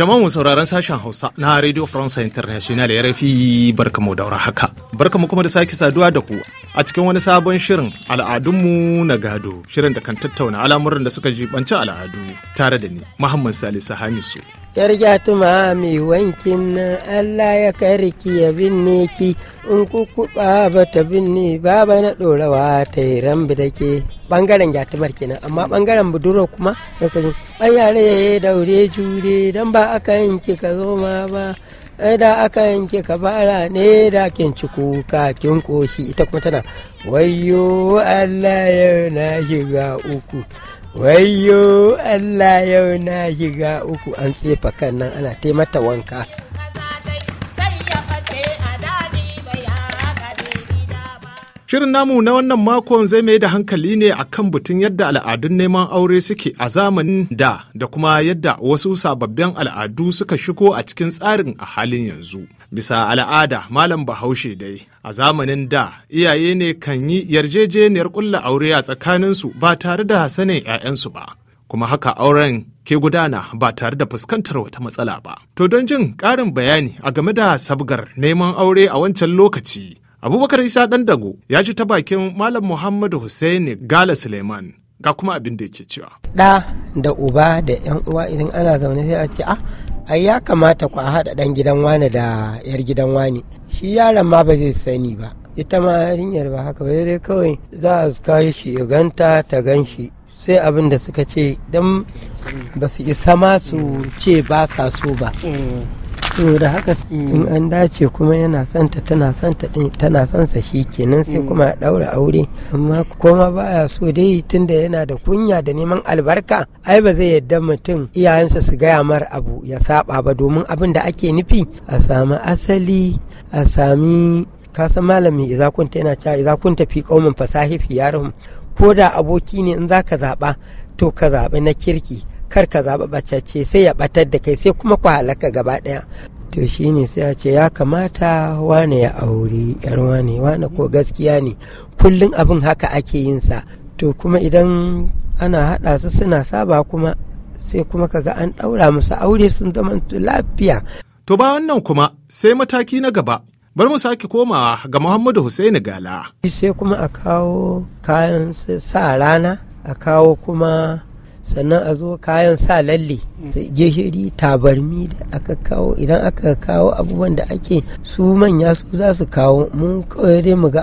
Jama'u sauraron sashen Hausa na Radio France International ya rafi barkamu daura haka. barka mu kuma da sake saduwa da ku a cikin wani sabon shirin al'adunmu na gado, shirin da kan tattauna al'amuran da suka jibanci al'adu tare da ni Muhammad Salisu Hamisu. yar gyatuma mai wankin nan Allah ya karki ya binne ki in kukuba ba ta binne baba na dorawa ta yi bi da ke bangaren gyatumar kenan amma bangaren buduro kuma ai yare daure jure dan ba aka yanke ka zo ma ba da aka yanke fara ne da kin ci kuka kin koshi ita kuma tana wayo Allah ya na shiga uku wayo allah yau na shiga uku an tsefa kan nan ana taimata wanka Shirin namu na wannan makon zai mai da hankali ne a kan batun yadda al'adun neman aure suke a zamanin da da kuma yadda wasu sababbin al'adu suka shigo a cikin tsarin a halin yanzu. Bisa al'ada Malam Bahaushe dai, a zamanin da iyaye ne kan yi yarjejeniyar ƙulla aure a tsakaninsu ba tare da sanin 'ya'yansu ba. kuma haka auren ke gudana ba tare da fuskantar wata matsala ba. To don jin ƙarin bayani a game da sabgar neman aure a wancan lokaci Abubakar Isa ɗan dago ya ji ta bakin Malam Muhammadu Hussaini Gala Suleiman ga kuma abin da yake cewa. Ɗa da uba da ‘yan uwa idan ana zaune sai a ce a ah, ai ya kamata ku a haɗa ɗan gidan wani da ‘yar gidan wani shi yaron ma ba zai sani ba ita ma yarinyar ba haka ba dai kawai za a kawo shi ya ganta ta gan shi sai abin da suka ce don ba su isa ma su ce ba sa so ba mm. da haka mm. in an dace kuma yana santa tana santa tana sansa shi kenan sai mm. kuma ya daura aure amma kuma baya so dai tunda yana da kunya da neman albarka ai ba zai yadda mutum iyayensa su gaya mar abu ya saba ba domin abin da ake nufi a sami asali a sami san malami idza kunta yana cewa idza kunta fi qaumin fasahifi yarhum ko da aboki ne in zaka zaba to ka zaɓi na kirki kar ka zaɓa ɓacacce sai ya ɓatar da kai sai kuma ku halaka gaba ɗaya to shi ne sai a ce ya kamata wane ya auri yar wane wane ko gaskiya ne kullum abin haka ake yin sa to kuma idan ana haɗa su suna saba kuma sai kuma kaga an ɗaura musu aure sun zama lafiya to ba wannan kuma sai mataki na gaba bar mu sake komawa ga muhammadu Hussaini gala sai kuma a kawo kayan sa rana a kawo kuma sannan a zo kayan sa lalle gishiri tabarmi da aka kawo idan aka kawo abubuwan da ake su manya su za su kawo mun kawai dai mu ga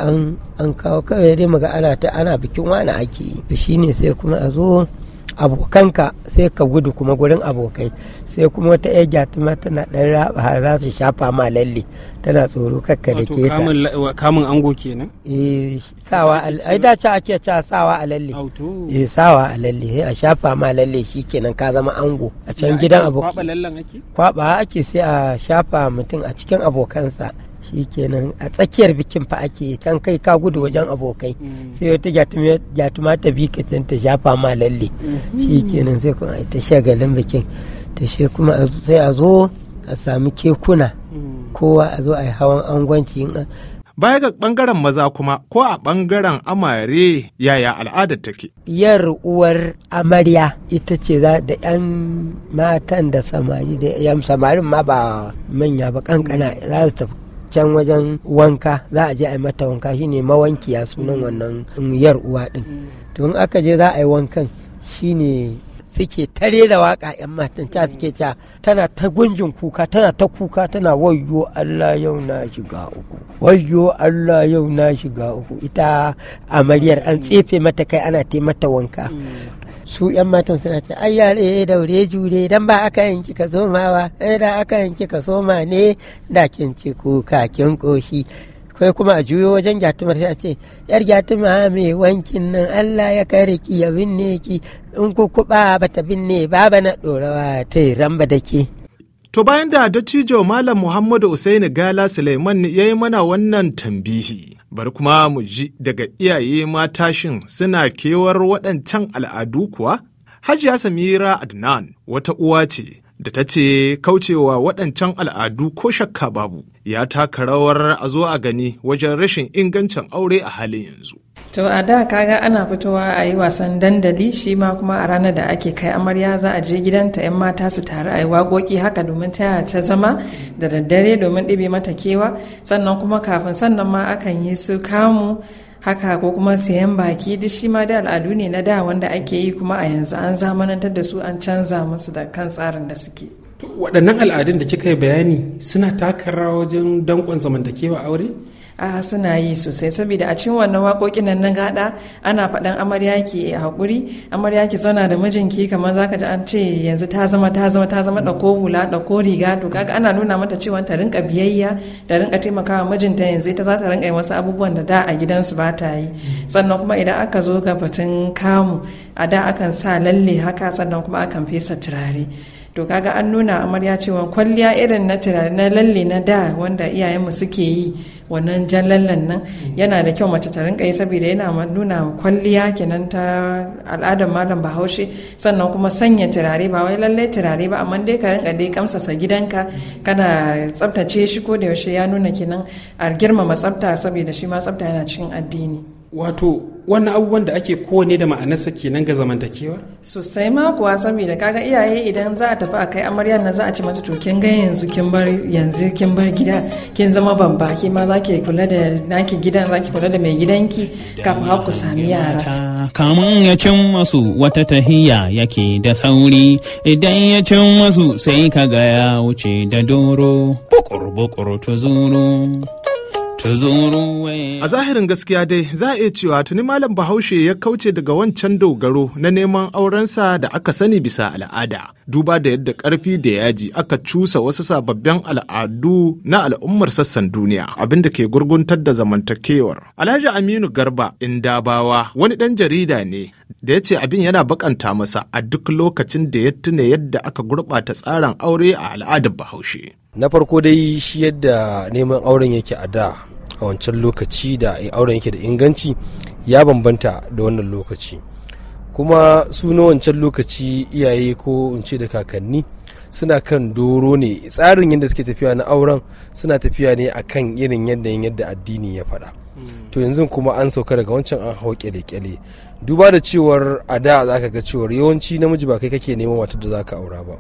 an kawo kawai dai mu ga ana ta ana bikin wani ake yi shine sai kuma a zo abokanka sai ka gudu kuma gurin abokai sai kuma wata yar gyatuma tana dan raba za su shafa ma lalle tana tsoro kakka da ke ta kamun ango kenan eh sawa ai da ce ake ca sawa a lalle eh sawa a lalle a shafa ma lalle shi kenan ka zama ango a can gidan abokai kwaba lallan ake kwaba ake sai a shafa mutum a cikin abokansa kenan a tsakiyar bikin fa ake can kai ka gudu wajen abokai mm. sai wata jatuma ta bi ka ta shafa ma lalle mm-hmm. kenan sai kuma ta shagalin bikin ta she kuma sai a zo a sami kekuna mm. kowa a zo a yi hawan angwanci baya ga bangaren maza kuma ko a bangaren amare yaya al'adar take yar uwar amarya ita ce za da yan matan da samari da yan samarin ma ba manya ba kankana za su tafi can wajen wanka za a je a yi mata wanka shine mawankiya sunan wannan yar uwa din to in aka je za a yi wankan shine suke tare da waka yan matan ta suke ta tana ta gunjin kuka tana ta kuka tana wayyo Allah yau na shiga uku wayyo Allah yau na shiga uku ita amaryar an tsefe mata kai ana te mata wanka su yan matan suna ce ai yare daure jure dan ba aka yanki ka zomawa eh da aka yanki ka soma ne da kin ci kuka kin koshi kai kuma a juyo wajen gyatumar sai a ce yar gyatuma mai wankin nan Allah ya kare ki ya binne ki in kukuba bata binne baba na dorawa ta ramba da ke To bayan da dattijo Malam Muhammadu Usaini Gala Suleiman ya yi mana wannan tambihi. Bari kuma mu ji daga iyaye matashin suna kewar waɗancan al'adu kuwa? Hajiya Samira Adnan wata uwa ce da ta ce kaucewa waɗancan al'adu ko shakka babu ya taka rawar a zo a gani wajen rashin ingancin aure a halin yanzu. To a da kaga ana fitowa a yi wasan dandali shi ma kuma a ranar da ake kai amarya za a je gidanta 'yan mata su tare a yi waƙoƙi haka domin taya ta zama da daddare domin ɗibe mata kewa sannan kuma kafin sannan ma akan yi su kamu haka ko kuma sayan baki duk shi ma da al'adu ne na da wanda ake yi kuma a yanzu an zamanantar da su an canza musu da kan tsarin da suke. waɗannan al'adun da kika yi bayani suna taka rawa wajen danƙon zamantakewa aure a ah, suna yi sosai saboda a cikin wannan waƙoƙin nan na gaɗa ana faɗan amarya ki haƙuri amarya ki zauna da mijinki kamar zaka ji an ce yanzu ta zama ta zama ta zama ɗauko hula ɗauko riga to kaga ana nuna mata cewa ta rinka biyayya ta rinka taimakawa mijinta yanzu ita za ta rinka yi wasu abubuwan da da a gidansu ba ta yi sannan kuma idan aka zo ga batun kamu a da akan sa lalle haka sannan kuma akan fesa turare to kaga an nuna amarya cewa kwalliya irin na turare na lalle na da wanda iyayenmu suke yi wannan jallallan nan yana da kyau mace ta rinka yi saboda yana nuna kwalliya kenan ta al'adar malam bahaushe sannan kuma sanya turare ba wai lallai turare ba amma dai ka rinka dai kamsasa gidanka kana tsabtace shi ko da yaushe ya nuna kenan a girmama tsabta saboda shi ma tsafta yana cikin addini wato wannan abubuwan da ake kowane da ma'anarsa kenan ga zamantakewar sosai ma kuwa saboda kaga iyaye idan za a tafi a kai amaryar na za a ci mata to kin ga yanzu kin bar yanzu kin bar gida kin zama babba ki ma zaki kula da naki gidan zaki kula da mai gidanki kafin har ku sami yara kamun ya cin masu wata tahiya yake da sauri idan ya cin masu sai ga ya wuce da doro bukur bukur tuzuru A zahirin gaskiya dai za a iya cewa tuni Malam Bahaushe ya kauce daga wancan dogaro na neman aurensa da aka sani bisa al'ada, duba da yadda ƙarfi da yaji aka cusa wasu sababbin al'adu na al'ummar sassan duniya abinda ke gurguntar da zamantakewar. Alhaji Aminu Garba Indabawa wani ɗan jarida ne da ya ce abin yana bakanta masa a duk lokacin da ya tuna yadda aka gurɓata tsarin aure a al'adar bahaushe. Na farko dai shi yadda neman auren yake a da a wancan lokaci da auren yake da inganci ya bambanta da wannan lokaci. Kuma su wancan lokaci iyaye ko in ce da kakanni suna kan doro ne tsarin yadda suke tafiya na auren suna tafiya ne akan irin yadda yadda addini ya faɗa. to yanzu kuma an sauka daga wancan an hau kyale-kyale duba da cewar a da zaka ga cewar yawanci namiji ba kai kake neman matar da zaka aura ba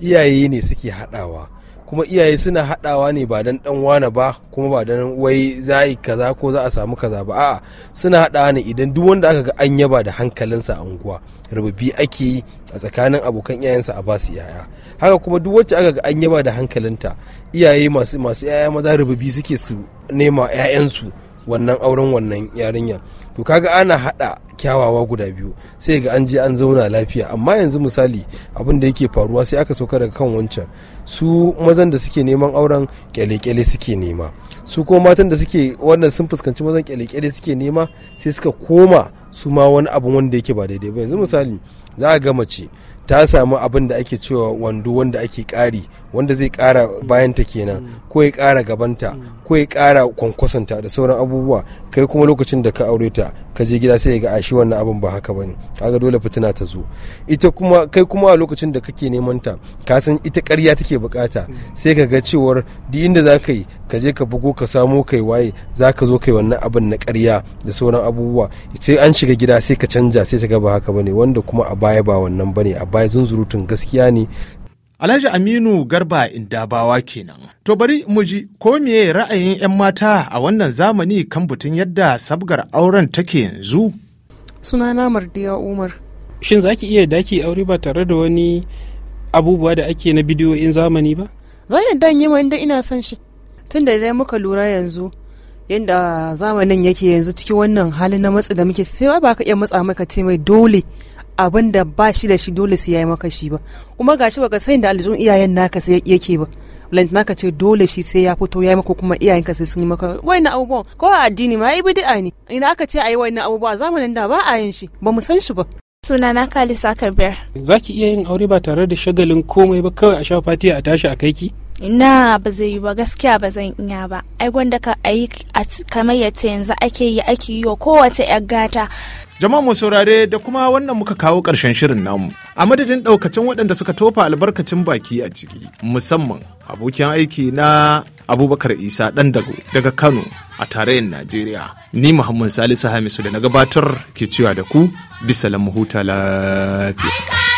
iyaye ne suke haɗawa kuma iyaye suna haɗawa ne ba dan dan wane ba kuma ba dan wai za yi kaza ko za a samu kaza ba a'a suna haɗawa ne idan duk wanda aka ga an yaba da hankalinsa a unguwa rububi ake yi a tsakanin abokan iyayensa a basu yaya haka kuma duk wacce aka ga an yaba da hankalinta iyaye masu masu yaya maza rububi suke su nema 'ya'yansu wannan auren wannan yarinya to kaga ana hada kyawawa guda biyu sai ga an je an zauna lafiya amma yanzu misali abin da yake faruwa sai aka sauka daga kan wancan su mazan da suke neman auren kyale-kyale suke nema su kuma matan da suke wannan sun fuskanci mazan kyale-kyale suke nema sai suka koma su ma wani abin wanda yake ba daidai ba yanzu misali za a ga mace ta samu abin da ake cewa wando wanda ake kari wanda zai kara bayanta kenan mm. ko ya kara gabanta mm. ko ya kara kwankwasanta da sauran abubuwa kai kuma lokacin da ka aure ta ka je gida sai ya ga ashi wannan abin ba haka bane kaga dole fitina ta zo ita kuma kai kuma a lokacin da kake neman ta ka san ita ƙarya take bukata mm. sai ka ga cewar duk inda za ka yi ka je ka bugo ka samo kai waye za ka zo kai wannan abin na ƙarya da sauran abubuwa sai an shiga gida sai ka canja sai ta ga ba haka bane wanda kuma a baya ba wannan bane a baya zunzurutun gaskiya ne Alhaji Aminu Garba Indabawa kenan. To bari mu ji ko meye ra'ayin 'yan mata a wannan zamani kan butun yadda sabgar auren take yanzu? Sunana Mardiya Umar. Shin za ki iya daki aure ba tare da wani abubuwa da ake na bidiyo in zamani ba? Zan yadda yi ma inda ina son shi. Tun da dai muka lura yanzu yadda zamanin yake yanzu cikin wannan hali na matsi da muke sai ba ka iya matsa maka ce mai dole abin da ba shi da shi dole sai ya yi maka shi ba kuma gashi baka san da aljun iyayen naka sai yake ba lantin naka ce dole shi sai ya fito ya yi maka kuma iyayen ka sai sun yi maka wani abubuwan ko a addini ma yi bidi'a ne ina aka ce a yi wani abubuwa zamanin da ba a yin shi ba mu san shi ba sunana Khalisa Kabir. Za ki iya yin aure ba tare da shagalin komai ba kawai a sha fatiya a tashi a kai ki? na ba zai yi ba gaskiya ba zan iya ba ai gwanda ka ayi kamar yace yanzu ake yi ake yi wa kowace yar gata jama'a mu saurare da kuma wannan muka kawo ƙarshen shirin namu a madadin ɗaukacin waɗanda suka tofa albarkacin baki a ciki musamman abokin aiki na abubakar isa ɗan dago daga kano a tarayyar najeriya ni muhammad salisu hamisu da na gabatar ke cewa da ku bisa lamu huta lafiya